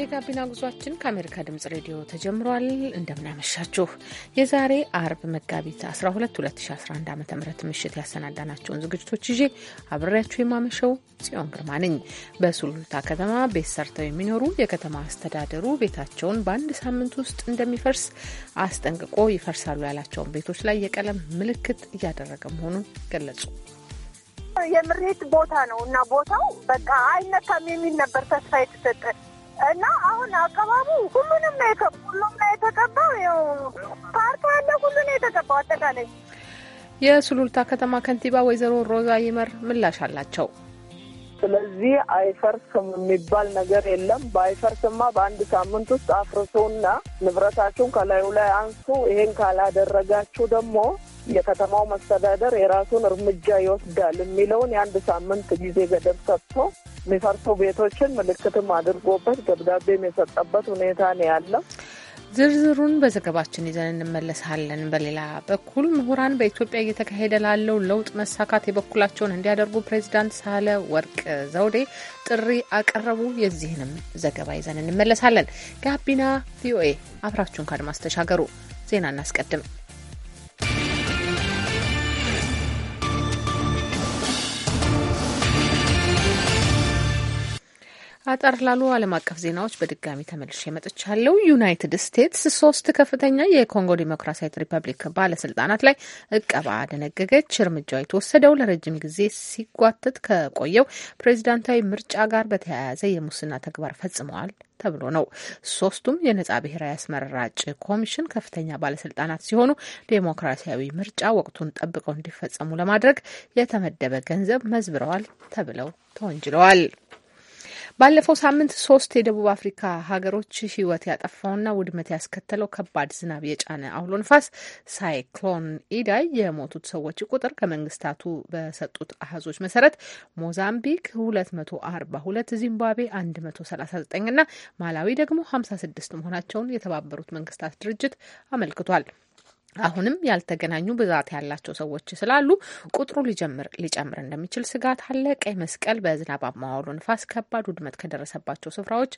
የጋቢና ጉዟችን ከአሜሪካ ድምጽ ሬዲዮ ተጀምሯል። እንደምናመሻችሁ የዛሬ አርብ መጋቢት 12 2011 ዓ ም ምሽት ያሰናዳናቸውን ዝግጅቶች ይዤ አብሬያችሁ የማመሸው ጽዮን ግርማ ነኝ። በሱሉልታ ከተማ ቤት ሰርተው የሚኖሩ የከተማ አስተዳደሩ ቤታቸውን በአንድ ሳምንት ውስጥ እንደሚፈርስ አስጠንቅቆ ይፈርሳሉ ያላቸውን ቤቶች ላይ የቀለም ምልክት እያደረገ መሆኑን ገለጹ። የምሬት ቦታ ነው እና ቦታው በቃ አይነካም የሚል ነበር ተስፋ የተሰጠ እና አሁን አቀባቡ ሁሉንም ነው ሁሉም ነው የተቀባው። ያው ፓርቱ አለ ሁሉ ነው የተቀባው አጠቃላይ። የሱሉልታ ከተማ ከንቲባ ወይዘሮ ሮዛ ይመር ምላሽ አላቸው። ስለዚህ አይፈርስም የሚባል ነገር የለም። በአይፈርስማ በአንድ ሳምንት ውስጥ አፍርሶና ንብረታችሁን ከላዩ ላይ አንሱ። ይሄን ካላደረጋችሁ ደግሞ የከተማው መስተዳደር የራሱን እርምጃ ይወስዳል የሚለውን የአንድ ሳምንት ጊዜ ገደብ ሰጥቶ የሚፈርሱ ቤቶችን ምልክትም አድርጎበት ደብዳቤም የሰጠበት ሁኔታ ነው ያለው። ዝርዝሩን በዘገባችን ይዘን እንመለሳለን። በሌላ በኩል ምሁራን በኢትዮጵያ እየተካሄደ ላለው ለውጥ መሳካት የበኩላቸውን እንዲያደርጉ ፕሬዚዳንት ሳህለ ወርቅ ዘውዴ ጥሪ አቀረቡ። የዚህንም ዘገባ ይዘን እንመለሳለን። ጋቢና ቪኦኤ አብራችሁን ከአድማስ ተሻገሩ። ዜና እናስቀድም። አጠር ላሉ ዓለም አቀፍ ዜናዎች በድጋሚ ተመልሼ መጥቻለሁ። ዩናይትድ ስቴትስ ሶስት ከፍተኛ የኮንጎ ዲሞክራሲያዊት ሪፐብሊክ ባለስልጣናት ላይ እቀባ ደነገገች። እርምጃው የተወሰደው ለረጅም ጊዜ ሲጓተት ከቆየው ፕሬዚዳንታዊ ምርጫ ጋር በተያያዘ የሙስና ተግባር ፈጽመዋል ተብሎ ነው። ሶስቱም የነጻ ብሔራዊ አስመራጭ ኮሚሽን ከፍተኛ ባለስልጣናት ሲሆኑ ዴሞክራሲያዊ ምርጫ ወቅቱን ጠብቀው እንዲፈጸሙ ለማድረግ የተመደበ ገንዘብ መዝብረዋል ተብለው ተወንጅለዋል። ባለፈው ሳምንት ሶስት የደቡብ አፍሪካ ሀገሮች ህይወት ያጠፋውና ውድመት ያስከተለው ከባድ ዝናብ የጫነ አውሎ ንፋስ ሳይክሎን ኢዳይ የሞቱት ሰዎች ቁጥር ከመንግስታቱ በሰጡት አሀዞች መሰረት ሞዛምቢክ 242፣ ዚምባብዌ 139 እና ማላዊ ደግሞ 56 መሆናቸውን የተባበሩት መንግስታት ድርጅት አመልክቷል። አሁንም ያልተገናኙ ብዛት ያላቸው ሰዎች ስላሉ ቁጥሩ ሊጀምር ሊጨምር እንደሚችል ስጋት አለ። ቀይ መስቀል በዝናባማ አውሎ ንፋስ ከባድ ውድመት ከደረሰባቸው ስፍራዎች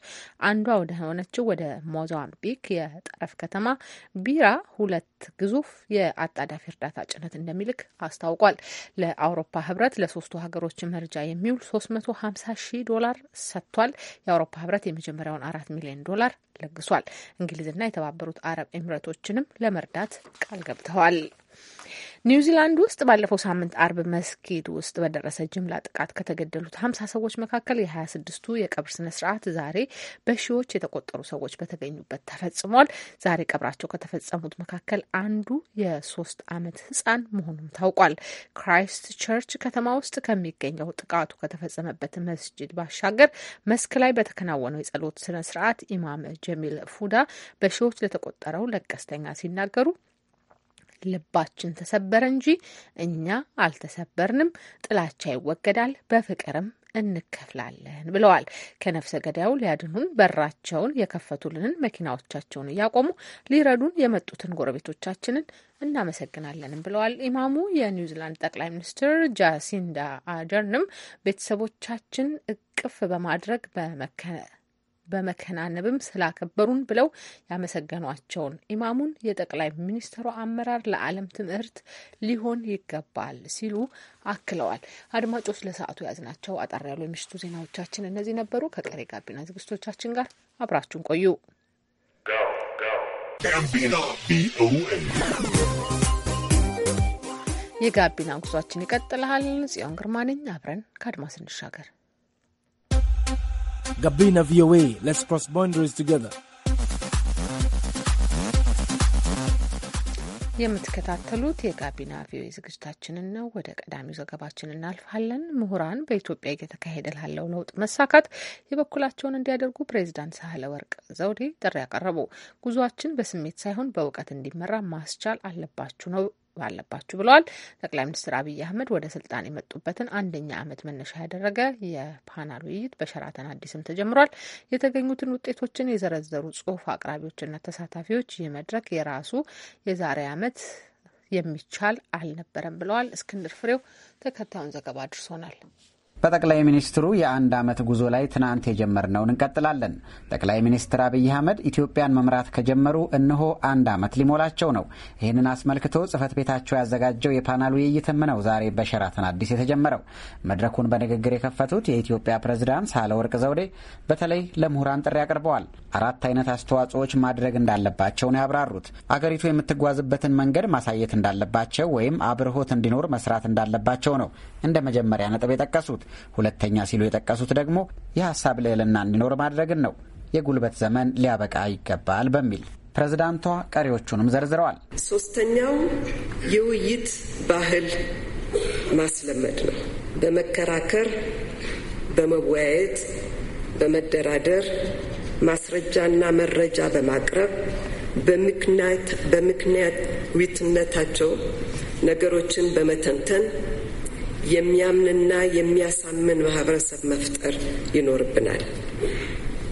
አንዷ ወደ ሆነችው ወደ ሞዛምቢክ የጠረፍ ከተማ ቢራ ሁለት ግዙፍ የአጣዳፊ እርዳታ ጭነት እንደሚልክ አስታውቋል። ለአውሮፓ ህብረት ለሶስቱ ሀገሮች መርጃ የሚውል ሀምሳ ሺህ ዶላር ሰጥቷል። የአውሮፓ ህብረት የመጀመሪያውን አራት ሚሊዮን ዶላር ለግሷል። እንግሊዝና የተባበሩት አረብ ኤሚሬቶችንም ለመርዳት ቃል ገብተዋል። ኒውዚላንድ ውስጥ ባለፈው ሳምንት አርብ መስጊድ ውስጥ በደረሰ ጅምላ ጥቃት ከተገደሉት ሀምሳ ሰዎች መካከል የሀያ ስድስቱ የቀብር ስነ ስርዓት ዛሬ በሺዎች የተቆጠሩ ሰዎች በተገኙበት ተፈጽሟል። ዛሬ ቀብራቸው ከተፈጸሙት መካከል አንዱ የሶስት አመት ህጻን መሆኑም ታውቋል። ክራይስት ቸርች ከተማ ውስጥ ከሚገኘው ጥቃቱ ከተፈጸመበት መስጅድ ባሻገር መስክ ላይ በተከናወነው የጸሎት ስነ ስርዓት ኢማም ጀሚል ፉዳ በሺዎች ለተቆጠረው ለቀስተኛ ሲናገሩ ልባችን ተሰበረ እንጂ እኛ አልተሰበርንም። ጥላቻ ይወገዳል፣ በፍቅርም እንከፍላለን ብለዋል። ከነፍሰ ገዳዩ ሊያድኑን በራቸውን የከፈቱልንን መኪናዎቻቸውን እያቆሙ ሊረዱን የመጡትን ጎረቤቶቻችንን እናመሰግናለንም ብለዋል ኢማሙ። የኒውዚላንድ ጠቅላይ ሚኒስትር ጃሲንዳ አደርንም ቤተሰቦቻችን እቅፍ በማድረግ በመከ በመከናነብም ስላከበሩን ብለው ያመሰገኗቸውን ኢማሙን የጠቅላይ ሚኒስትሩ አመራር ለዓለም ትምህርት ሊሆን ይገባል ሲሉ አክለዋል። አድማጮች ለሰዓቱ ያዝናቸው አጠር ያሉ የምሽቱ ዜናዎቻችን እነዚህ ነበሩ። ከቀሬ ጋቢና ዝግጅቶቻችን ጋር አብራችሁን ቆዩ። የጋቢና ጉዟችን ይቀጥላል። ጽዮን ግርማ ነኝ። አብረን ከአድማስ እንሻገር። Gabina VOA. Let's cross boundaries together. የምትከታተሉት የጋቢና ቪኦኤ ዝግጅታችንን ነው። ወደ ቀዳሚው ዘገባችን እናልፋለን። ምሁራን በኢትዮጵያ እየተካሄደ ላለው ለውጥ መሳካት የበኩላቸውን እንዲያደርጉ ፕሬዚዳንት ሳህለ ወርቅ ዘውዴ ጥሪ ያቀረቡ፣ ጉዟችን በስሜት ሳይሆን በእውቀት እንዲመራ ማስቻል አለባችሁ ነው አለባችሁ ብለዋል። ጠቅላይ ሚኒስትር አብይ አህመድ ወደ ስልጣን የመጡበትን አንደኛ ዓመት መነሻ ያደረገ የፓናል ውይይት በሸራተን አዲስም ተጀምሯል። የተገኙትን ውጤቶችን የዘረዘሩ ጽሁፍ አቅራቢዎችና ተሳታፊዎች ይህ መድረክ የራሱ የዛሬ ዓመት የሚቻል አልነበረም ብለዋል። እስክንድር ፍሬው ተከታዩን ዘገባ አድርሶናል። በጠቅላይ ሚኒስትሩ የአንድ ዓመት ጉዞ ላይ ትናንት የጀመርነውን እንቀጥላለን። ጠቅላይ ሚኒስትር አብይ አህመድ ኢትዮጵያን መምራት ከጀመሩ እነሆ አንድ ዓመት ሊሞላቸው ነው። ይህንን አስመልክቶ ጽህፈት ቤታቸው ያዘጋጀው የፓናል ውይይትም ነው ዛሬ በሸራተን አዲስ የተጀመረው። መድረኩን በንግግር የከፈቱት የኢትዮጵያ ፕሬዝዳንት ሳህለወርቅ ዘውዴ በተለይ ለምሁራን ጥሪ አቅርበዋል። አራት አይነት አስተዋጽኦዎች ማድረግ እንዳለባቸው ነው ያብራሩት። አገሪቱ የምትጓዝበትን መንገድ ማሳየት እንዳለባቸው ወይም አብርሆት እንዲኖር መስራት እንዳለባቸው ነው እንደ መጀመሪያ ነጥብ የጠቀሱት። ሁለተኛ ሲሉ የጠቀሱት ደግሞ የሀሳብ ልዕልና እንዲኖር ማድረግን ነው። የጉልበት ዘመን ሊያበቃ ይገባል በሚል ፕሬዝዳንቷ ቀሪዎቹንም ዘርዝረዋል። ሶስተኛው የውይይት ባህል ማስለመድ ነው። በመከራከር በመወያየት፣ በመደራደር ማስረጃና መረጃ በማቅረብ በምክንያት ዊትነታቸው ነገሮችን በመተንተን የሚያምንና የሚያሳምን ማህበረሰብ መፍጠር ይኖርብናል።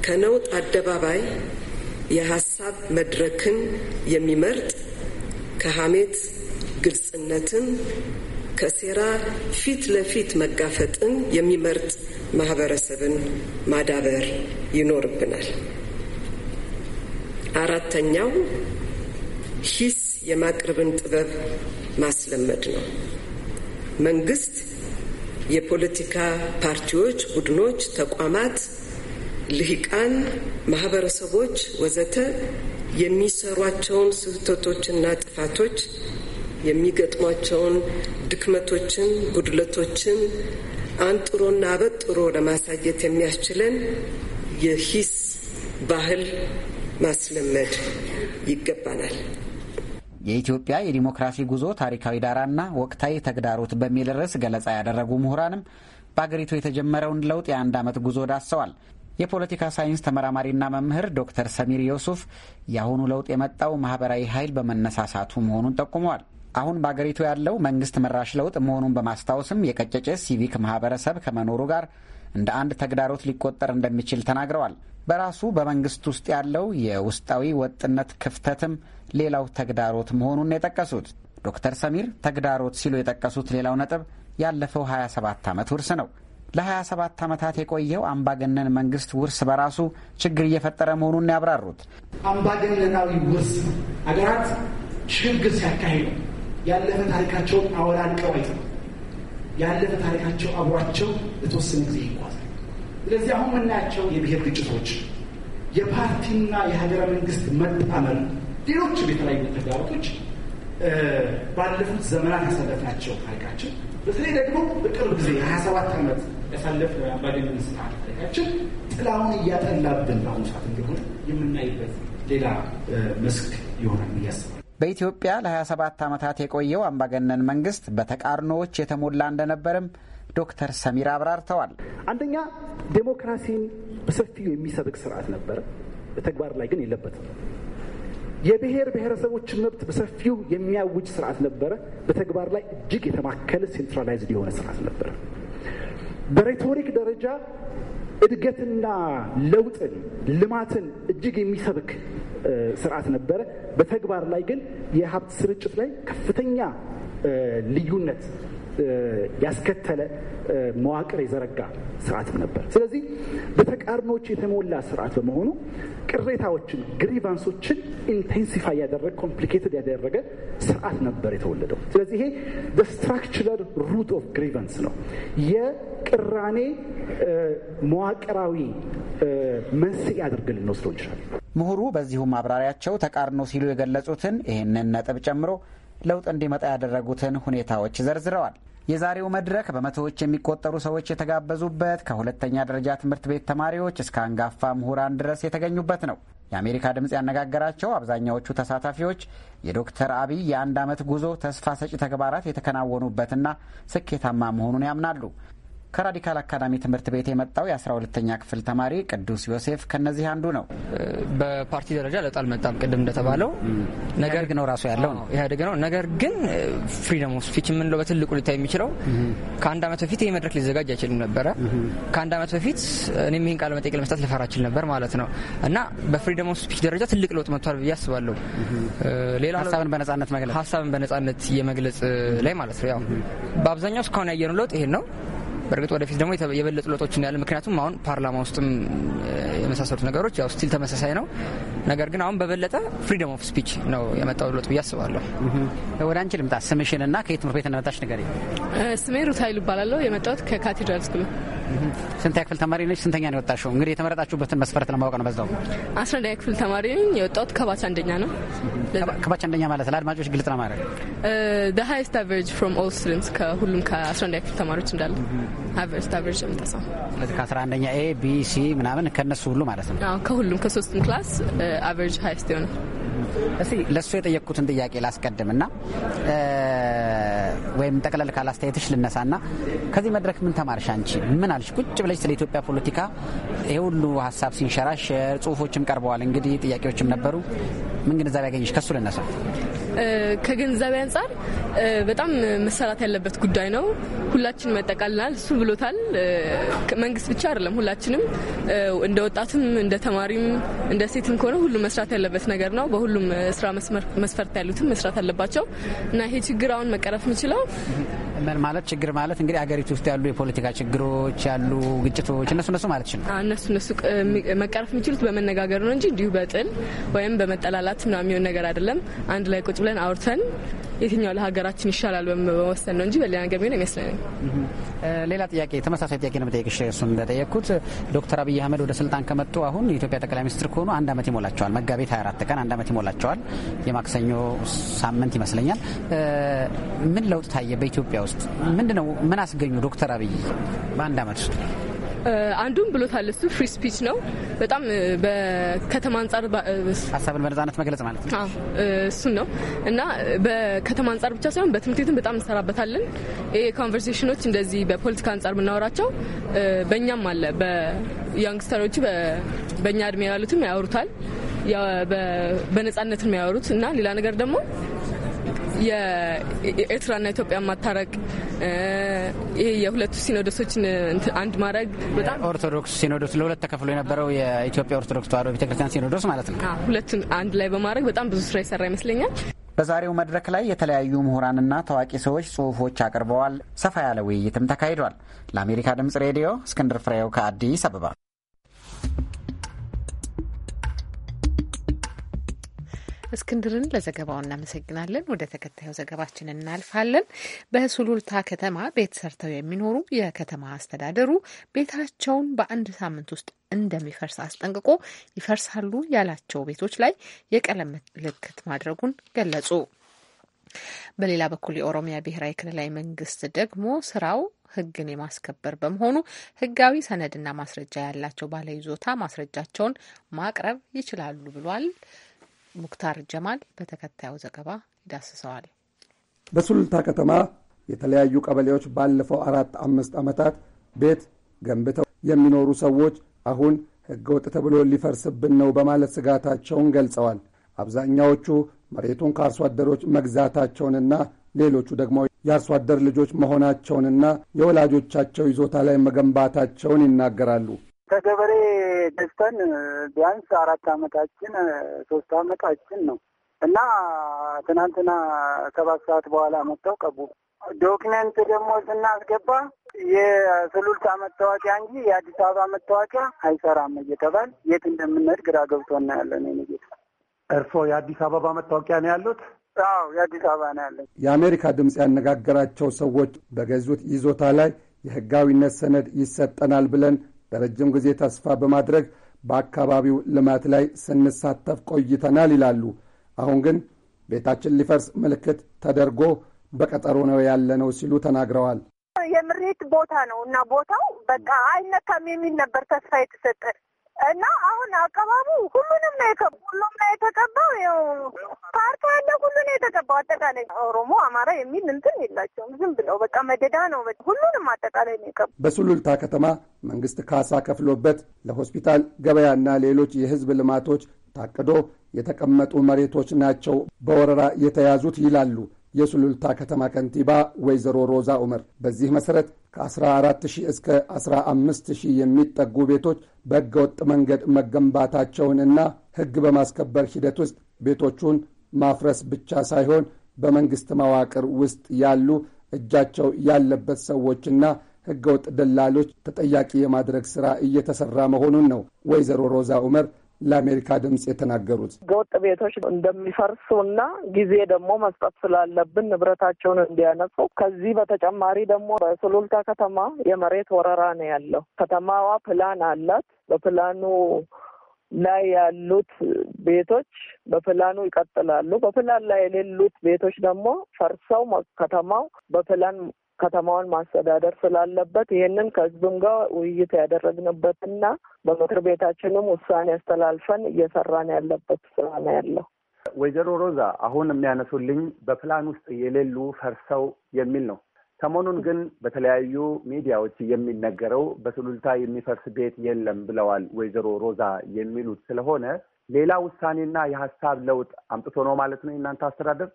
ከነውጥ አደባባይ የሀሳብ መድረክን የሚመርጥ ከሀሜት ግልጽነትን፣ ከሴራ ፊት ለፊት መጋፈጥን የሚመርጥ ማህበረሰብን ማዳበር ይኖርብናል። አራተኛው ሂስ የማቅረብን ጥበብ ማስለመድ ነው። መንግስት፣ የፖለቲካ ፓርቲዎች፣ ቡድኖች፣ ተቋማት፣ ልሂቃን፣ ማህበረሰቦች ወዘተ የሚሰሯቸውን ስህተቶችና ጥፋቶች የሚገጥሟቸውን ድክመቶችን፣ ጉድለቶችን አንጥሮና አበጥሮ ለማሳየት የሚያስችለን የሂስ ባህል ማስለመድ ይገባናል። የኢትዮጵያ የዲሞክራሲ ጉዞ ታሪካዊ ዳራና ወቅታዊ ተግዳሮት በሚል ርዕስ ገለጻ ያደረጉ ምሁራንም በአገሪቱ የተጀመረውን ለውጥ የአንድ ዓመት ጉዞ ዳሰዋል። የፖለቲካ ሳይንስ ተመራማሪና መምህር ዶክተር ሰሚር ዮሱፍ የአሁኑ ለውጥ የመጣው ማህበራዊ ኃይል በመነሳሳቱ መሆኑን ጠቁመዋል። አሁን በአገሪቱ ያለው መንግስት መራሽ ለውጥ መሆኑን በማስታወስም የቀጨጨ ሲቪክ ማህበረሰብ ከመኖሩ ጋር እንደ አንድ ተግዳሮት ሊቆጠር እንደሚችል ተናግረዋል። በራሱ በመንግስት ውስጥ ያለው የውስጣዊ ወጥነት ክፍተትም ሌላው ተግዳሮት መሆኑን የጠቀሱት ዶክተር ሰሚር ተግዳሮት ሲሉ የጠቀሱት ሌላው ነጥብ ያለፈው 27 ዓመት ውርስ ነው። ለ27 ዓመታት የቆየው አምባገነን መንግስት ውርስ በራሱ ችግር እየፈጠረ መሆኑን ያብራሩት አምባገነናዊ ውርስ ሀገራት ሽግግር ሲያካሂዱ ያለፈ ታሪካቸውን አወላልቀው አይጥም ያለፈ ታሪካቸው አብሯቸው ለተወሰነ ጊዜ ይጓዛል። ስለዚህ አሁን የምናያቸው የብሔር ግጭቶች፣ የፓርቲና የሀገረ መንግስት መጣመር፣ ሌሎችም የተለያዩ ተግዳሮቶች ባለፉት ዘመናት ያሳለፍናቸው ታሪካችን በተለይ ደግሞ በቅርብ ጊዜ የ27 ዓመት ያሳለፍ አምባገነን ስርዓት ታሪካችን ጥላውን እያጠላብን በአሁኑ ሰዓት እንደሆነ የምናይበት ሌላ መስክ ይሆናል ብዬ በኢትዮጵያ ለ27 ዓመታት የቆየው አምባገነን መንግስት በተቃርኖዎች የተሞላ እንደነበርም ዶክተር ሰሚር አብራርተዋል። አንደኛ ዴሞክራሲን በሰፊው የሚሰብክ ስርዓት ነበረ፣ በተግባር ላይ ግን የለበትም። የብሔር ብሔረሰቦችን መብት በሰፊው የሚያውጅ ስርዓት ነበረ፣ በተግባር ላይ እጅግ የተማከለ ሴንትራላይዝድ የሆነ ስርዓት ነበረ። በሬቶሪክ ደረጃ እድገትና ለውጥን ልማትን እጅግ የሚሰብክ ስርዓት ነበረ። በተግባር ላይ ግን የሀብት ስርጭት ላይ ከፍተኛ ልዩነት ያስከተለ መዋቅር የዘረጋ ስርዓትም ነበር። ስለዚህ በተቃርኖች የተሞላ ስርዓት በመሆኑ ቅሬታዎችን፣ ግሪቫንሶችን ኢንቴንሲፋይ ያደረገ ኮምፕሊኬትድ ያደረገ ስርዓት ነበር የተወለደው። ስለዚህ ይሄ ስትራክቸራል ሩት ኦፍ ግሪቫንስ ነው የቅራኔ መዋቅራዊ መንስኤ አድርገን ልንወስደው ይችላል ምሁሩ በዚሁ ማብራሪያቸው ተቃርኖ ሲሉ የገለጹትን ይህንን ነጥብ ጨምሮ ለውጥ እንዲመጣ ያደረጉትን ሁኔታዎች ዘርዝረዋል። የዛሬው መድረክ በመቶዎች የሚቆጠሩ ሰዎች የተጋበዙበት ከሁለተኛ ደረጃ ትምህርት ቤት ተማሪዎች እስከ አንጋፋ ምሁራን ድረስ የተገኙበት ነው። የአሜሪካ ድምፅ ያነጋገራቸው አብዛኛዎቹ ተሳታፊዎች የዶክተር አብይ የአንድ ዓመት ጉዞ ተስፋ ሰጪ ተግባራት የተከናወኑበትና ስኬታማ መሆኑን ያምናሉ። ከራዲካል አካዳሚ ትምህርት ቤት የመጣው የአስራ ሁለተኛ ክፍል ተማሪ ቅዱስ ዮሴፍ ከነዚህ አንዱ ነው። በፓርቲ ደረጃ ለውጥ አልመጣም፣ ቅድም እንደተባለው ነገር ነው ራሱ ያለው ነው ኢህአዴግ ነው። ነገር ግን ፍሪደም ኦፍ ስፒች የምንለው በትልቁ ሊታይ የሚችለው ከአንድ ዓመት በፊት ይህ መድረክ ሊዘጋጅ አይችልም ነበረ። ከአንድ አመት በፊት እኔም ይህን ቃለ መጠይቅ ለመስጠት ልፈራ እችል ነበር ማለት ነው እና በፍሪደም ኦፍ ስፒች ደረጃ ትልቅ ለውጥ መጥቷል ብዬ አስባለሁ። ሌላ ሀሳብን በነጻነት መግለጽ ሀሳብን በነጻነት የመግለጽ ላይ ማለት ነው። ያው በአብዛኛው እስካሁን ያየነው ለውጥ ይሄን ነው። በእርግጥ ወደፊት ደግሞ የበለጡ ለውጦች እንዳለ ምክንያቱም አሁን ፓርላማ ውስጥም የመሳሰሉት ነገሮች ያው ስቲል ተመሳሳይ ነው። ነገር ግን አሁን በበለጠ ፍሪደም ኦፍ ስፒች ነው የመጣው ለውጥ ብዬ አስባለሁ። ወደ አንቺ ልምጣ። ስምሽን እና ከየት ትምህርት ቤት እንደመጣሽ ነገር ስሜ ሩት ኃይሉ እባላለሁ። የመጣሁት ከካቴድራል ስኩል ነው። ስንተኛ ክፍል ተማሪ ነች? ስንተኛ ነው የወጣሽው? እንግዲህ የተመረጣችሁበትን መስፈረት ለማወቅ ነው። በዛው አስራ አንደኛ ክፍል ተማሪ ነኝ። የወጣሁት ከባች አንደኛ ነው። ከባች አንደኛ ማለት ለአድማጮች ግልጽ ነው ማድረግ ሀይስት አቨሬጅ ፍሮም ኦል ስቱደንትስ ከሁሉም ከአስራ አንደኛ ክፍል ተማሪዎች እንዳለ አቨሬጅ የምጠሳው ስለዚህ ከ11ኛ ኤ ቢ ሲ ምናምን ከእነሱ ሁሉ ማለት ነው ከሁሉም ከሶስቱም ክላስ አቨሬጅ ሀይስት የሆነ እስቲ ለእሱ የጠየቅኩትን ጥያቄ ላስቀድምና ወይም ጠቅለል ካላስተያየትሽ ልነሳና ከዚህ መድረክ ምን ተማርሽ? አንቺ ምን አልሽ? ቁጭ ብለሽ ስለ ኢትዮጵያ ፖለቲካ ይህ ሁሉ ሀሳብ ሲንሸራሸር ጽሁፎችም ቀርበዋል። እንግዲህ ጥያቄዎችም ነበሩ። ምን ግንዛቤ ያገኘሽ? ከሱ ልነሳ። ከገንዘቤ አንጻር በጣም መሰራት ያለበት ጉዳይ ነው። ሁላችን መጠቃልናል። እሱ ብሎታል። መንግስት ብቻ አይደለም፣ ሁላችንም እንደ ወጣትም፣ እንደ ተማሪም፣ እንደ ሴትም ከሆነ ሁሉም መስራት ያለበት ነገር ነው። በሁሉም ስራ መስፈርት ያሉትም መስራት አለባቸው እና ይሄ ችግር አሁን መቀረፍ የምችለው ምን ማለት ችግር ማለት እንግዲህ አገሪቱ ውስጥ ያሉ የፖለቲካ ችግሮች ያሉ ግጭቶች እነሱ እነሱ ማለት ነው። እነሱ እነሱ መቀረፍ የሚችሉት በመነጋገር ነው እንጂ እንዲሁ በጥል ወይም በመጠላላት ምናምን የሚሆን ነገር አይደለም። አንድ ላይ ቁጭ ብለን አውርተን የትኛው ለሀገራችን ይሻላል በመወሰን ነው እንጂ በሌላ ነገር ቢሆን አይመስለንም። ሌላ ጥያቄ፣ ተመሳሳይ ጥያቄ ነው የምጠይቅሽ። እሱን እንደጠየቅኩት ዶክተር አብይ አህመድ ወደ ስልጣን ከመጡ አሁን የኢትዮጵያ ጠቅላይ ሚኒስትር ከሆኑ አንድ ዓመት ይሞላቸዋል። መጋቢት 24 ቀን አንድ አመት ይሞላቸዋል። የማክሰኞ ሳምንት ይመስለኛል። ምን ለውጥ ታየ በኢትዮጵያ ውስጥ? ምንድነው ምን አስገኙ ዶክተር አብይ በአንድ አመት ውስጥ? አንዱም ብሎታል እሱ ፍሪ ስፒች ነው። በጣም በከተማ አንጻር ሀሳብን በነጻነት መግለጽ ማለት ነው። እሱን ነው እና በከተማ አንጻር ብቻ ሳይሆን በትምህርት ቤትም በጣም እንሰራበታለን። ይሄ ኮንቨርሴሽኖች እንደዚህ በፖለቲካ አንጻር የምናወራቸው በእኛም አለ በያንግስተሮቹ በእኛ እድሜ ያሉትም ያወሩታል በነጻነት የሚያወሩት እና ሌላ ነገር ደግሞ የኤርትራና ኢትዮጵያ ማታረቅ ይሄ የሁለቱ ሲኖዶሶችን አንድ ማድረግ በጣም ኦርቶዶክስ ሲኖዶስ ለሁለት ተከፍሎ የነበረው የኢትዮጵያ ኦርቶዶክስ ተዋሕዶ ቤተክርስቲያን ሲኖዶስ ማለት ነው። ሁለቱን አንድ ላይ በማድረግ በጣም ብዙ ስራ ይሰራ ይመስለኛል። በዛሬው መድረክ ላይ የተለያዩ ምሁራንና ታዋቂ ሰዎች ጽሁፎች አቅርበዋል። ሰፋ ያለ ውይይትም ተካሂዷል። ለአሜሪካ ድምጽ ሬዲዮ እስክንድር ፍሬው ከአዲስ አበባ እስክንድርን ለዘገባው እናመሰግናለን። ወደ ተከታዩ ዘገባችን እናልፋለን። በሱሉልታ ከተማ ቤት ሰርተው የሚኖሩ የከተማ አስተዳደሩ ቤታቸውን በአንድ ሳምንት ውስጥ እንደሚፈርስ አስጠንቅቆ ይፈርሳሉ ያላቸው ቤቶች ላይ የቀለም ምልክት ማድረጉን ገለጹ። በሌላ በኩል የኦሮሚያ ብሔራዊ ክልላዊ መንግስት ደግሞ ስራው ህግን የማስከበር በመሆኑ ህጋዊ ሰነድና ማስረጃ ያላቸው ባለይዞታ ማስረጃቸውን ማቅረብ ይችላሉ ብሏል። ሙክታር ጀማል በተከታዩ ዘገባ ይዳስሰዋል። በሱሉልታ ከተማ የተለያዩ ቀበሌዎች ባለፈው አራት አምስት ዓመታት ቤት ገንብተው የሚኖሩ ሰዎች አሁን ሕገወጥ ተብሎ ሊፈርስብን ነው በማለት ስጋታቸውን ገልጸዋል። አብዛኛዎቹ መሬቱን ከአርሶ አደሮች መግዛታቸውንና ሌሎቹ ደግሞ የአርሶ አደር ልጆች መሆናቸውንና የወላጆቻቸው ይዞታ ላይ መገንባታቸውን ይናገራሉ። ከገበሬ ገዝተን ቢያንስ አራት አመታችን ሶስት አመታችን ነው እና ትናንትና ሰባት ሰዓት በኋላ መጥተው ቀቡ። ዶክመንት ደግሞ ስናስገባ የስሉልታ መታወቂያ እንጂ የአዲስ አበባ መታወቂያ አይሰራም እየተባል የት እንደምንሄድ ግራ ገብቶን ነው ያለን። ጌታ እርስዎ የአዲስ አበባ መታወቂያ ነው ያሉት? አዎ የአዲስ አበባ ነው ያለን። የአሜሪካ ድምፅ ያነጋገራቸው ሰዎች በገዙት ይዞታ ላይ የህጋዊነት ሰነድ ይሰጠናል ብለን ለረጅም ጊዜ ተስፋ በማድረግ በአካባቢው ልማት ላይ ስንሳተፍ ቆይተናል ይላሉ። አሁን ግን ቤታችን ሊፈርስ ምልክት ተደርጎ በቀጠሮ ነው ያለነው ሲሉ ተናግረዋል። የምሬት ቦታ ነው እና ቦታው በቃ አይነካም የሚል ነበር ተስፋ የተሰጠ እና አሁን አቀባቡ ሁሉንም ነው ሁሉም ነው የተቀባው። ያው ያለ ሁሉ ነው የተቀባው። አጠቃላይ ኦሮሞ፣ አማራ የሚል እንትን የላቸውም። ዝም ብለው በቃ መደዳ ነው። ሁሉንም አጠቃላይ ነው የቀቡ። በሱሉልታ ከተማ መንግስት ካሳ ከፍሎበት ለሆስፒታል ገበያና ሌሎች የህዝብ ልማቶች ታቅዶ የተቀመጡ መሬቶች ናቸው በወረራ የተያዙት ይላሉ የሱሉልታ ከተማ ከንቲባ ወይዘሮ ሮዛ ኡመር በዚህ መሠረት ከ14 ሺህ እስከ 15 ሺህ የሚጠጉ ቤቶች በሕገወጥ መንገድ መገንባታቸውንና ሕግ በማስከበር ሂደት ውስጥ ቤቶቹን ማፍረስ ብቻ ሳይሆን በመንግሥት መዋቅር ውስጥ ያሉ እጃቸው ያለበት ሰዎችና ሕገወጥ ደላሎች ተጠያቂ የማድረግ ሥራ እየተሠራ መሆኑን ነው ወይዘሮ ሮዛ ኡመር ለአሜሪካ ድምፅ የተናገሩት ህገወጥ ቤቶች እንደሚፈርሱ እና ጊዜ ደግሞ መስጠት ስላለብን ንብረታቸውን እንዲያነሱ። ከዚህ በተጨማሪ ደግሞ በሱሉልታ ከተማ የመሬት ወረራ ነው ያለው። ከተማዋ ፕላን አላት። በፕላኑ ላይ ያሉት ቤቶች በፕላኑ ይቀጥላሉ። በፕላን ላይ የሌሉት ቤቶች ደግሞ ፈርሰው ከተማው በፕላን ከተማውን ማስተዳደር ስላለበት ይህንን ከህዝብም ጋር ውይይት ያደረግንበትና በምክር ቤታችንም ውሳኔ አስተላልፈን እየሰራን ያለበት ስራ ነው ያለው። ወይዘሮ ሮዛ አሁን የሚያነሱልኝ በፕላን ውስጥ የሌሉ ፈርሰው የሚል ነው። ሰሞኑን ግን በተለያዩ ሚዲያዎች የሚነገረው በሱሉልታ የሚፈርስ ቤት የለም ብለዋል ወይዘሮ ሮዛ የሚሉት ስለሆነ ሌላ ውሳኔና የሀሳብ ለውጥ አምጥቶ ነው ማለት ነው የእናንተ አስተዳደር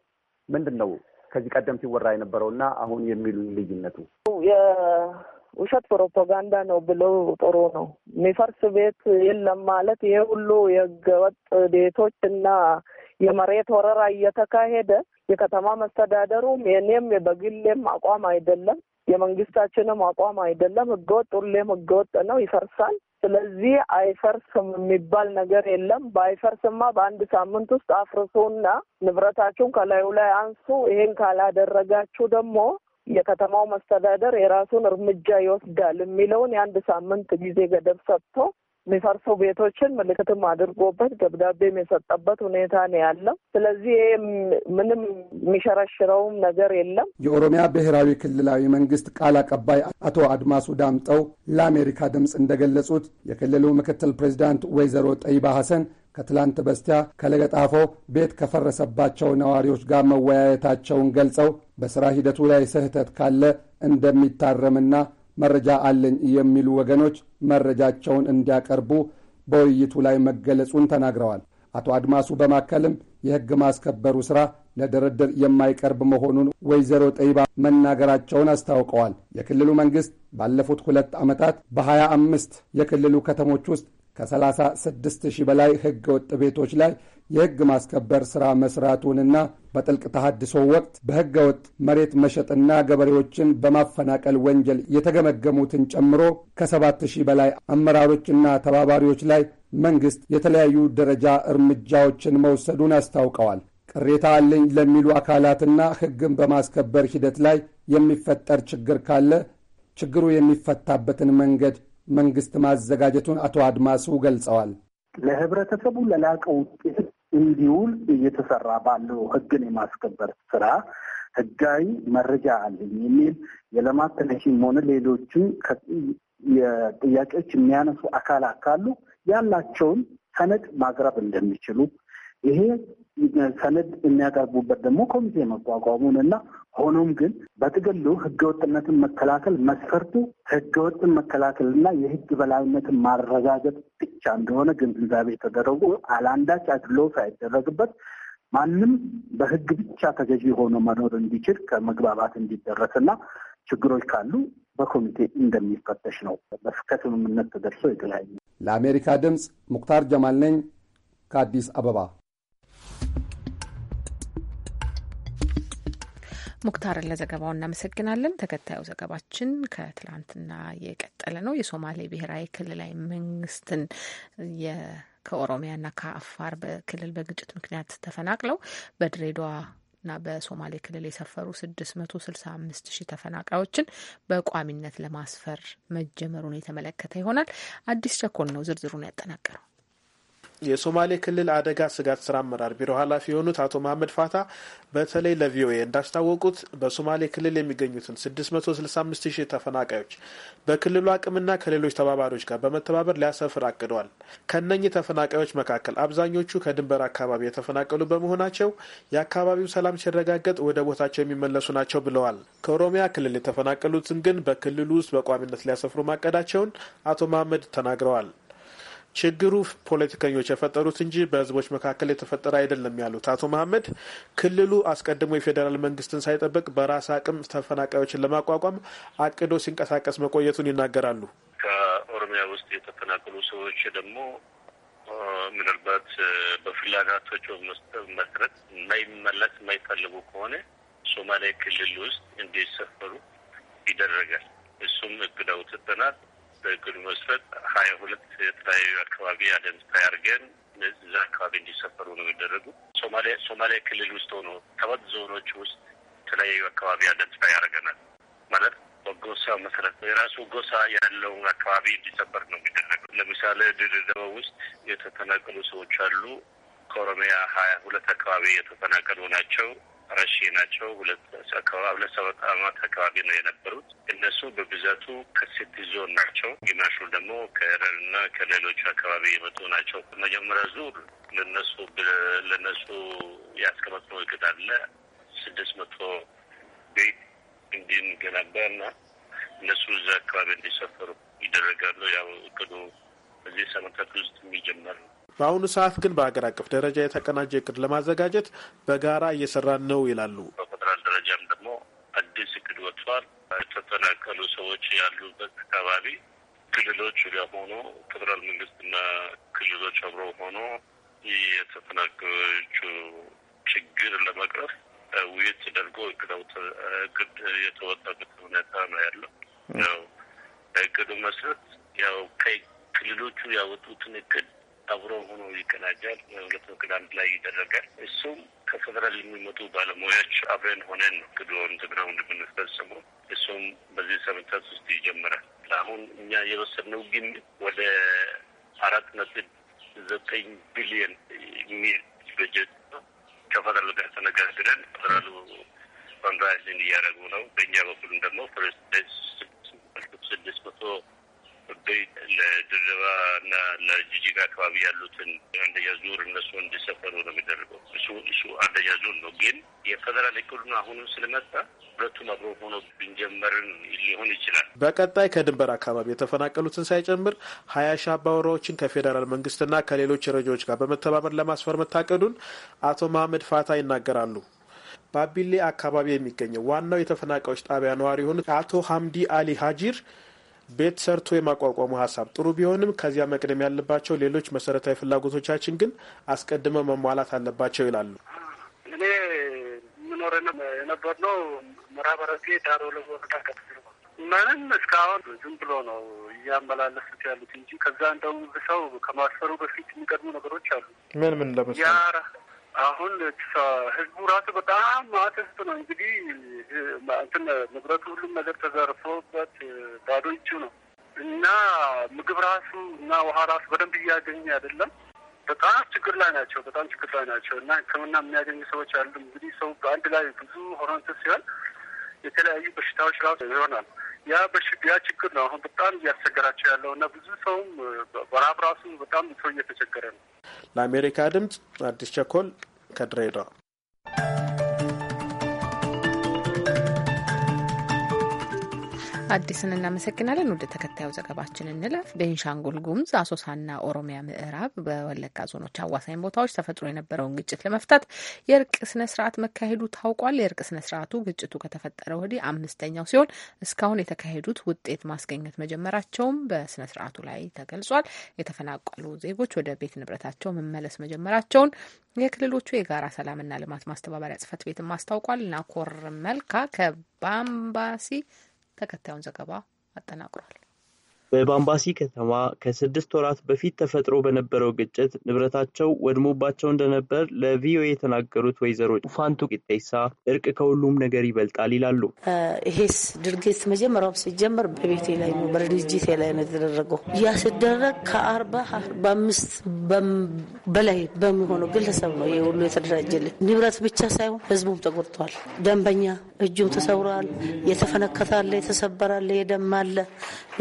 ምንድን ነው ከዚህ ቀደም ሲወራ የነበረውና አሁን የሚሉ ልዩነቱ የውሸት ፕሮፓጋንዳ ነው ብለው ጥሩ ነው። የሚፈርስ ቤት የለም ማለት ይሄ ሁሉ የህገወጥ ቤቶች እና የመሬት ወረራ እየተካሄደ የከተማ መስተዳደሩም የኔም በግሌም አቋም አይደለም የመንግስታችንም አቋም አይደለም። ህገወጥ ሁሌም ህገወጥ ነው፣ ይፈርሳል። ስለዚህ አይፈርስም የሚባል ነገር የለም። በአይፈርስማ በአንድ ሳምንት ውስጥ አፍርሶና ንብረታችሁን ከላዩ ላይ አንሱ። ይሄን ካላደረጋችሁ ደግሞ የከተማው መስተዳደር የራሱን እርምጃ ይወስዳል የሚለውን የአንድ ሳምንት ጊዜ ገደብ ሰጥቶ የሚፈርሱ ቤቶችን ምልክትም አድርጎበት ደብዳቤም የሰጠበት ሁኔታ ነው ያለው። ስለዚህ ምንም የሚሸረሽረውም ነገር የለም። የኦሮሚያ ብሔራዊ ክልላዊ መንግስት ቃል አቀባይ አቶ አድማሱ ዳምጠው ለአሜሪካ ድምፅ እንደገለጹት የክልሉ ምክትል ፕሬዚዳንት ወይዘሮ ጠይባ ሐሰን ከትላንት በስቲያ ከለገጣፎ ቤት ከፈረሰባቸው ነዋሪዎች ጋር መወያየታቸውን ገልጸው በሥራ ሂደቱ ላይ ስህተት ካለ እንደሚታረምና መረጃ አለኝ የሚሉ ወገኖች መረጃቸውን እንዲያቀርቡ በውይይቱ ላይ መገለጹን ተናግረዋል። አቶ አድማሱ በማከልም የሕግ ማስከበሩ ሥራ ለድርድር የማይቀርብ መሆኑን ወይዘሮ ጠይባ መናገራቸውን አስታውቀዋል። የክልሉ መንግሥት ባለፉት ሁለት ዓመታት በሀያ አምስት የክልሉ ከተሞች ውስጥ ከ36 ሺህ በላይ ሕገ ወጥ ቤቶች ላይ የሕግ ማስከበር ሥራ መሥራቱንና በጥልቅ ተሃድሶ ወቅት በሕገ ወጥ መሬት መሸጥና ገበሬዎችን በማፈናቀል ወንጀል የተገመገሙትን ጨምሮ ከሰባት ሺህ በላይ አመራሮችና ተባባሪዎች ላይ መንግሥት የተለያዩ ደረጃ እርምጃዎችን መውሰዱን አስታውቀዋል። ቅሬታ አለኝ ለሚሉ አካላትና ሕግን በማስከበር ሂደት ላይ የሚፈጠር ችግር ካለ ችግሩ የሚፈታበትን መንገድ መንግሥት ማዘጋጀቱን አቶ አድማሱ ገልጸዋል። ለህብረተሰቡ ለላቀ ውጤት እንዲውል እየተሰራ ባለው ህግን የማስከበር ስራ ህጋዊ መረጃ አለኝ የሚል የልማት ተነሺም ሆነ ሌሎችም ጥያቄዎች የሚያነሱ አካላት ካሉ ያላቸውን ሰነድ ማቅረብ እንደሚችሉ ይሄ ሰነድ የሚያቀርቡበት ደግሞ ኮሚቴ መቋቋሙን እና ሆኖም ግን በጥቅሉ ህገወጥነትን መከላከል መስፈርቱ ህገወጥን መከላከልና የህግ በላይነትን ማረጋገጥ ብቻ እንደሆነ ግን ግንዛቤ የተደረጉ አላንዳች አድሎ ሳይደረግበት ማንም በህግ ብቻ ተገዢ ሆኖ መኖር እንዲችል ከመግባባት እንዲደረስና ችግሮች ካሉ በኮሚቴ እንደሚፈተሽ ነው ከስምምነት ተደርሶ የተለያዩ። ለአሜሪካ ድምፅ ሙክታር ጀማል ነኝ ከአዲስ አበባ። ሙክታርን ለዘገባው እናመሰግናለን። ተከታዩ ዘገባችን ከትላንትና የቀጠለ ነው። የሶማሌ ብሔራዊ ክልላዊ መንግስትን ከኦሮሚያና ከአፋር ክልል በግጭት ምክንያት ተፈናቅለው በድሬዳዋ እና በሶማሌ ክልል የሰፈሩ 665 ሺህ ተፈናቃዮችን በቋሚነት ለማስፈር መጀመሩን የተመለከተ ይሆናል። አዲስ ቸኮል ነው ዝርዝሩን ያጠናቀረው። የሶማሌ ክልል አደጋ ስጋት ስራ አመራር ቢሮ ኃላፊ የሆኑት አቶ መሀመድ ፋታ በተለይ ለቪኦኤ እንዳስታወቁት በሶማሌ ክልል የሚገኙትን 665 ሺህ ተፈናቃዮች በክልሉ አቅምና ከሌሎች ተባባሪዎች ጋር በመተባበር ሊያሰፍር አቅደዋል። ከነኚህ ተፈናቃዮች መካከል አብዛኞቹ ከድንበር አካባቢ የተፈናቀሉ በመሆናቸው የአካባቢው ሰላም ሲረጋገጥ ወደ ቦታቸው የሚመለሱ ናቸው ብለዋል። ከኦሮሚያ ክልል የተፈናቀሉትን ግን በክልሉ ውስጥ በቋሚነት ሊያሰፍሩ ማቀዳቸውን አቶ መሀመድ ተናግረዋል። ችግሩ ፖለቲከኞች የፈጠሩት እንጂ በህዝቦች መካከል የተፈጠረ አይደለም ያሉት አቶ መሀመድ ክልሉ አስቀድሞ የፌዴራል መንግስትን ሳይጠብቅ በራስ አቅም ተፈናቃዮችን ለማቋቋም አቅዶ ሲንቀሳቀስ መቆየቱን ይናገራሉ። ከኦሮሚያ ውስጥ የተፈናቀሉ ሰዎች ደግሞ ምናልባት በፍላጋቶች መሰረት የማይመለስ የማይፈልጉ ከሆነ ሶማሌ ክልል ውስጥ እንዲሰፈሩ ይደረጋል። እሱም እቅድ አውጥተናል። በእቅዱ መሰረት ሀያ ሁለት የተለያዩ አካባቢ አይደንቲፋይ አድርገን እዛ አካባቢ እንዲሰፈሩ ነው የሚደረጉ። ሶማሊያ ሶማሊያ ክልል ውስጥ ሆኖ ሰባት ዞኖች ውስጥ የተለያዩ አካባቢ አይደንቲፋይ ያደርገናል ማለት በጎሳ መሰረት የራሱ ጎሳ ያለውን አካባቢ እንዲሰፈር ነው የሚደረገው። ለምሳሌ ድሬዳዋ ውስጥ የተፈናቀሉ ሰዎች አሉ። ከኦሮሚያ ሀያ ሁለት አካባቢ የተፈናቀሉ ናቸው። ረሺ ናቸው። ሁለት ሰባት ዓመት አካባቢ ነው የነበሩት። እነሱ በብዛቱ ከሲቲ ዞን ናቸው። ግማሹ ደግሞ ከረር እና ከሌሎቹ አካባቢ የመጡ ናቸው። መጀመሪያ ዙር ለነሱ ለነሱ ያስቀመጥነው እቅድ አለ ስድስት መቶ ቤት እንዲንገነባ እና እነሱ እዛ አካባቢ እንዲሰፈሩ ይደረጋሉ። ያው እቅዱ በዚህ ሰመታት ውስጥ የሚጀመር ነው። በአሁኑ ሰዓት ግን በሀገር አቀፍ ደረጃ የተቀናጀ እቅድ ለማዘጋጀት በጋራ እየሰራን ነው ይላሉ። በፌደራል ደረጃም ደግሞ አዲስ እቅድ ወጥቷል። የተፈናቀሉ ሰዎች ያሉበት አካባቢ ክልሎች ጋር ሆኖ ፌደራል መንግስትና ክልሎች አብረው ሆኖ የተፈናቀሎቹ ችግር ለመቅረፍ ውይይት ተደርጎ እቅድ የተወጣበት ሁኔታ ነው ያለው። ያው እቅዱ መሰረት ያው ከክልሎቹ ያወጡትን እቅድ አብሮ ሆኖ ይቀናጃል። ሁለት ወቅድ አንድ ላይ ይደረጋል። እሱም ከፌደራል የሚመጡ ባለሙያዎች አብረን ሆነን ነው ግዶ ትግረው እሱም በዚህ ሰምንታት ውስጥ ይጀምራል። ለአሁን እኛ የወሰድነው ግን ወደ አራት ነጥብ ዘጠኝ ቢሊየን የሚል በጀት ከፌደራል ጋር ተነጋግረን ፌደራሉ ፈንድራይዝን እያደረጉ ነው። በእኛ በኩልም ደግሞ ስድስት መቶ ለድርባ እና ለጅጅጋ አካባቢ ያሉትን አንደኛ ዙር እነሱ እንዲሰፈሩ ነው የሚደረገው። እሱ እሱ አንደኛ ዙር ነው። ግን የፌደራል እቅዱን አሁንም ስለመጣ ሁለቱም አብሮ ሆኖ ብንጀመርን ሊሆን ይችላል። በቀጣይ ከድንበር አካባቢ የተፈናቀሉትን ሳይጨምር ሀያ ሺ አባወራዎችን ከፌዴራል መንግስትና ከሌሎች ረጃዎች ጋር በመተባበር ለማስፈር መታቀዱን አቶ መሀመድ ፋታ ይናገራሉ። ባቢሌ አካባቢ የሚገኘው ዋናው የተፈናቃዮች ጣቢያ ነዋሪ የሆኑት አቶ ሀምዲ አሊ ሀጂር ቤት ሰርቶ የማቋቋሙ ሀሳብ ጥሩ ቢሆንም ከዚያ መቅደም ያለባቸው ሌሎች መሰረታዊ ፍላጎቶቻችን ግን አስቀድመው መሟላት አለባቸው ይላሉ። እኔ የምኖር የነበር ነው መራበረሴ ዳሮ ለወረዳ ምንም እስካሁን ዝም ብሎ ነው እያመላለሱት ያሉት እንጂ ከዛ እንደው ሰው ከማስፈሩ በፊት የሚቀድሙ ነገሮች አሉ። ምን ምን ለመስ አሁን ህዝቡ ራሱ በጣም ማት ነው እንግዲህ እንትን ንብረቱ ሁሉም ነገር ተዘርፎበት ባዶ እጁ ነው እና ምግብ ራሱ እና ውሃ ራሱ በደንብ እያገኘ አይደለም። በጣም ችግር ላይ ናቸው። በጣም ችግር ላይ ናቸው እና ሕክምና የሚያገኙ ሰዎች አሉ። እንግዲህ ሰው በአንድ ላይ ብዙ ሆኖ እንትን ሲሆን የተለያዩ በሽታዎች ራሱ ይሆናል። ያ በሽግ ያ ችግር ነው አሁን በጣም እያስቸገራቸው ያለው እና ብዙ ሰውም በረሀብ ራሱ በጣም ሰው እየተቸገረ ነው። ለአሜሪካ ድምጽ አዲስ ቸኮል ከድሬዳዋ አዲስን እናመሰግናለን። ወደ ተከታዩ ዘገባችን እንለፍ። ቤንሻንጉል ጉሙዝ አሶሳና ኦሮሚያ ምዕራብ በወለጋ ዞኖች አዋሳኝ ቦታዎች ተፈጥሮ የነበረውን ግጭት ለመፍታት የእርቅ ስነ ስርዓት መካሄዱ ታውቋል። የእርቅ ስነ ስርዓቱ ግጭቱ ከተፈጠረ ወዲህ አምስተኛው ሲሆን እስካሁን የተካሄዱት ውጤት ማስገኘት መጀመራቸውም በስነ ስርዓቱ ላይ ተገልጿል። የተፈናቀሉ ዜጎች ወደ ቤት ንብረታቸው መመለስ መጀመራቸውን የክልሎቹ የጋራ ሰላምና ልማት ማስተባበሪያ ጽህፈት ቤትም አስታውቋል። ናኮር መልካ ከባምባሲ ተከታዩን ዘገባ አጠናቅሯል። በባምባሲ ከተማ ከስድስት ወራት በፊት ተፈጥሮ በነበረው ግጭት ንብረታቸው ወድሞባቸው እንደነበር ለቪኦኤ የተናገሩት ወይዘሮ ፋንቱ ቂጤሳ እርቅ ከሁሉም ነገር ይበልጣል ይላሉ። ይሄስ ድርጊት መጀመሪያም ሲጀመር በቤቴ ላይ ነው በድርጅቴ ላይ ነው የተደረገው። ያ ሲደረግ ከአርባ አርባ አምስት በላይ በሚሆነው ግለሰብ ነው ይህ ሁሉ የተደራጀልን። ንብረት ብቻ ሳይሆን ህዝቡም ተጎድተዋል። ደንበኛ እጁም ተሰውረዋል። የተፈነከታለ፣ የተሰበራለ፣ የደማለ፣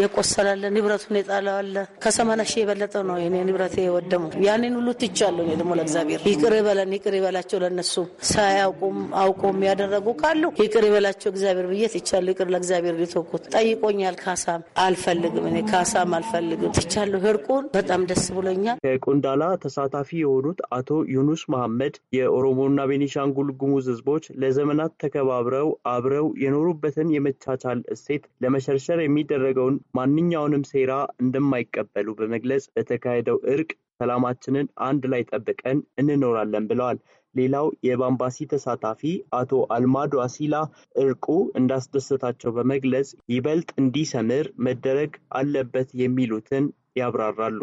የቆሰላለ አለ፣ ንብረቱን የጣለ አለ። ከሰማንያ ሺህ የበለጠ ነው የኔ ንብረት የወደሙ። ያንን ሁሉ ትቻለሁ እኔ ደግሞ ለእግዚአብሔር። ይቅር ይበለን፣ ይቅር ይበላቸው። ለነሱ ሳያውቁም አውቆም ያደረጉ ካሉ ይቅር ይበላቸው እግዚአብሔር ብዬ ትቻለሁ። ይቅር ለእግዚአብሔር ሊተኩት ጠይቆኛል። ካሳም አልፈልግም እኔ ካሳም አልፈልግም፣ ትቻለሁ። እርቁን በጣም ደስ ብሎኛል። ከቆንዳላ ተሳታፊ የሆኑት አቶ ዩኑስ መሐመድ የኦሮሞና ቤኒሻንጉል ጉሙዝ ህዝቦች ለዘመናት ተከባብረው አብረው የኖሩበትን የመቻቻል እሴት ለመሸርሸር የሚደረገውን ማንኛውን የትኛውንም ሴራ እንደማይቀበሉ በመግለጽ በተካሄደው እርቅ ሰላማችንን አንድ ላይ ጠብቀን እንኖራለን ብለዋል። ሌላው የባምባሲ ተሳታፊ አቶ አልማዶ አሲላ እርቁ እንዳስደሰታቸው በመግለጽ ይበልጥ እንዲሰምር መደረግ አለበት የሚሉትን ያብራራሉ።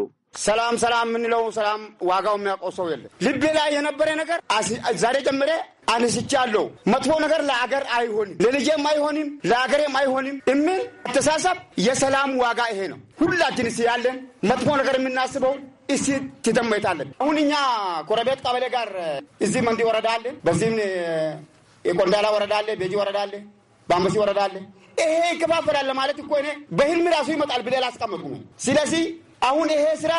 ሰላም ሰላም የምንለው ሰላም ዋጋው የሚያውቀው ሰው የለም። ልቤ ላይ የነበረ ነገር ዛሬ ጀምሬ አንስቻለሁ። መጥፎ ነገር ለአገር አይሆንም፣ ለልጄም አይሆንም፣ ለአገሬም አይሆንም የሚል አተሳሰብ የሰላም ዋጋ ይሄ ነው። ሁላችን ስ ያለን መጥፎ ነገር የምናስበው እስ ትተመታለን። አሁን እኛ ኮረቤት ቀበሌ ጋር እዚህ መንዲ ወረዳ አለን፣ በዚህም የቆንዳላ ወረዳ አለ፣ ቤጂ ወረዳ አለ በአንበሲ ወረዳ አለ። ይሄ ይከፋፈላል ለማለት እኮ እኔ በህልም ራሱ ይመጣል ብለህ አስቀመጡ ነው። ስለዚህ አሁን ይሄ ስራ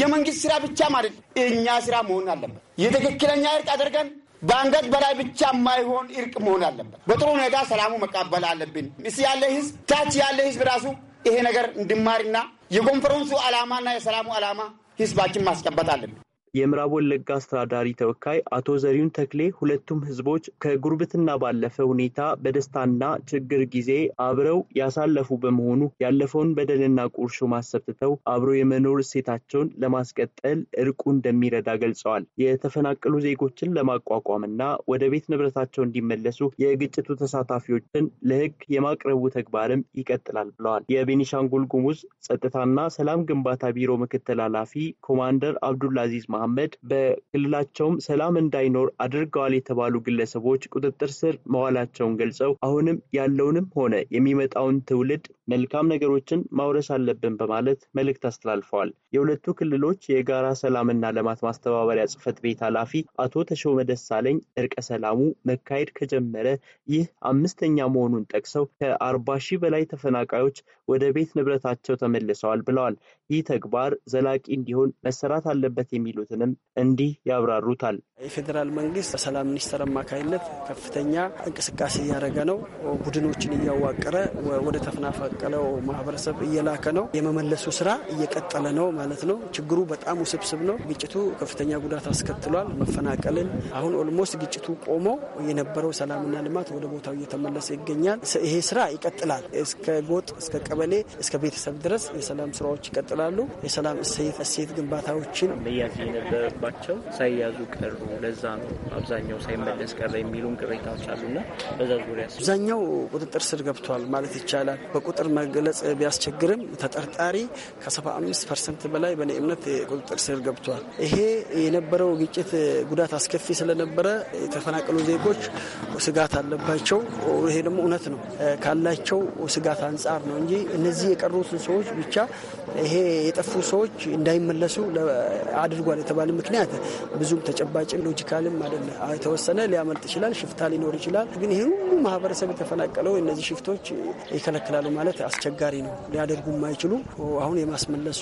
የመንግስት ስራ ብቻ ማለት እኛ ስራ መሆን አለበት። የትክክለኛ እርቅ አድርገን በአንገት በላይ ብቻ የማይሆን እርቅ መሆን አለበት። በጥሩ ሁኔታ ሰላሙ መቀበል አለብን። እስ ያለ ህዝብ ታች ያለ ህዝብ ራሱ ይሄ ነገር እንድማርና የኮንፈረንሱ አላማና የሰላሙ ዓላማ ህዝባችን ማስቀበት አለብን። የምዕራብ ወለጋ አስተዳዳሪ ተወካይ አቶ ዘሪሁን ተክሌ ሁለቱም ህዝቦች ከጉርብትና ባለፈ ሁኔታ በደስታና ችግር ጊዜ አብረው ያሳለፉ በመሆኑ ያለፈውን በደልና ቁርሾ ማሰብ ትተው አብረው የመኖር እሴታቸውን ለማስቀጠል እርቁ እንደሚረዳ ገልጸዋል። የተፈናቀሉ ዜጎችን ለማቋቋምና ወደ ቤት ንብረታቸው እንዲመለሱ የግጭቱ ተሳታፊዎችን ለህግ የማቅረቡ ተግባርም ይቀጥላል ብለዋል። የቤኒሻንጉል ጉሙዝ ጸጥታና ሰላም ግንባታ ቢሮ ምክትል ኃላፊ ኮማንደር አብዱላዚዝ አዚዝ መሐመድ በክልላቸውም ሰላም እንዳይኖር አድርገዋል የተባሉ ግለሰቦች ቁጥጥር ስር መዋላቸውን ገልጸው አሁንም ያለውንም ሆነ የሚመጣውን ትውልድ መልካም ነገሮችን ማውረስ አለብን በማለት መልእክት አስተላልፈዋል። የሁለቱ ክልሎች የጋራ ሰላምና ልማት ማስተባበሪያ ጽህፈት ቤት ኃላፊ አቶ ተሾመ ደሳለኝ እርቀ ሰላሙ መካሄድ ከጀመረ ይህ አምስተኛ መሆኑን ጠቅሰው ከአርባ ሺህ በላይ ተፈናቃዮች ወደ ቤት ንብረታቸው ተመልሰዋል ብለዋል። ይህ ተግባር ዘላቂ እንዲሆን መሰራት አለበት የሚሉትንም እንዲህ ያብራሩታል። የፌዴራል መንግስት በሰላም ሚኒስቴር አማካኝነት ከፍተኛ እንቅስቃሴ እያደረገ ነው። ቡድኖችን እያዋቀረ ወደ ተፈናፈ ለተፈናቀለው ማህበረሰብ እየላከ ነው። የመመለሱ ስራ እየቀጠለ ነው ማለት ነው። ችግሩ በጣም ውስብስብ ነው። ግጭቱ ከፍተኛ ጉዳት አስከትሏል። መፈናቀልን አሁን ኦልሞስት ግጭቱ ቆሞ የነበረው ሰላምና ልማት ወደ ቦታው እየተመለሰ ይገኛል። ይሄ ስራ ይቀጥላል። እስከ ጎጥ፣ እስከ ቀበሌ፣ እስከ ቤተሰብ ድረስ የሰላም ስራዎች ይቀጥላሉ። የሰላም እሴት ግንባታዎችን መያዝ የነበረባቸው ሳይያዙ ቀሩ። ለዛ ነው አብዛኛው ሳይመለስ ቀረ የሚሉም ቅሬታዎች አሉና በዛ ዙሪያ አብዛኛው ቁጥጥር ስር ገብቷል ማለት ይቻላል። በቁጥር በቁጥር መግለጽ ቢያስቸግርም ተጠርጣሪ ከ75 ፐርሰንት በላይ በእኔ እምነት ቁጥጥር ስር ገብቷል። ይሄ የነበረው ግጭት ጉዳት አስከፊ ስለነበረ የተፈናቀሉ ዜጎች ስጋት አለባቸው። ይሄ ደግሞ እውነት ነው። ካላቸው ስጋት አንጻር ነው እንጂ እነዚህ የቀሩት ሰዎች ብቻ ይሄ የጠፉ ሰዎች እንዳይመለሱ አድርጓል የተባለ ምክንያት ብዙም ተጨባጭ ሎጂካልም አይደለ። የተወሰነ ሊያመልጥ ይችላል፣ ሽፍታ ሊኖር ይችላል። ግን ይሄ ሁሉ ማህበረሰብ የተፈናቀለው እነዚህ ሽፍቶች ይከለክላሉ ማለት ማለት አስቸጋሪ ነው። ሊያደርጉ የማይችሉ አሁን የማስመለሱ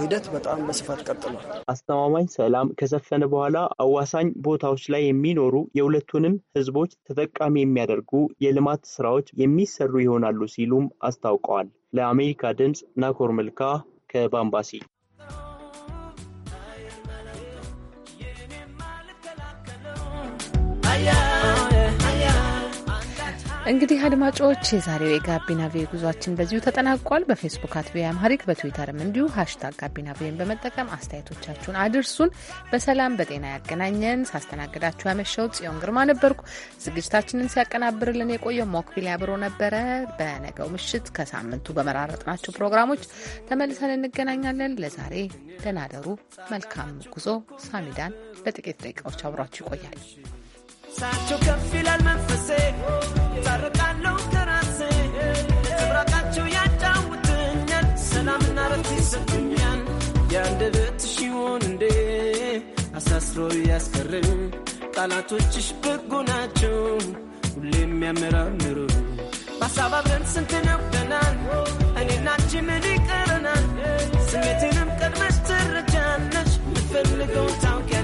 ሂደት በጣም በስፋት ቀጥሏል። አስተማማኝ ሰላም ከሰፈነ በኋላ አዋሳኝ ቦታዎች ላይ የሚኖሩ የሁለቱንም ህዝቦች ተጠቃሚ የሚያደርጉ የልማት ስራዎች የሚሰሩ ይሆናሉ ሲሉም አስታውቀዋል። ለአሜሪካ ድምፅ ናኮር መልካ ከባምባሲ እንግዲህ አድማጮች የዛሬው የጋቢና ቪ ጉዟችን በዚሁ ተጠናቋል። በፌስቡክ አት ቪ አምሃሪክ በትዊተርም እንዲሁ ሀሽታግ ጋቢና ቪን በመጠቀም አስተያየቶቻችሁን አድርሱን። በሰላም በጤና ያገናኘን። ሳስተናግዳችሁ ያመሸው ጽዮን ግርማ ነበርኩ። ዝግጅታችንን ሲያቀናብርልን የቆየው ሞክቢል ያብሮ ነበረ። በነገው ምሽት ከሳምንቱ በመራረጥናቸው ፕሮግራሞች ተመልሰን እንገናኛለን። ለዛሬ ደናደሩ መልካም ጉዞ። ሳሚዳን ለጥቂት ደቂቃዎች አብሯችሁ ይቆያል። ሳቸው ከፍ ይላል መንፈሴ ታረቃለው ከራሴ ትብራቃቸው ያጫውትኛል ሰላምና ረፍት ይሰጡኛል የአንደበት ሺሆን እንዴ አሳስሮ ያስቀርም ቃላቶችሽ በጎ ናቸው ሁሌ የሚያመራምሩ በሀሳብ አብረን ስንት ነውደናል እኔና አንቺ ምን ይቀረናል ስሜትንም ቀድመሽ ትረጃለሽ የምፈልገው ታውቂያለሽ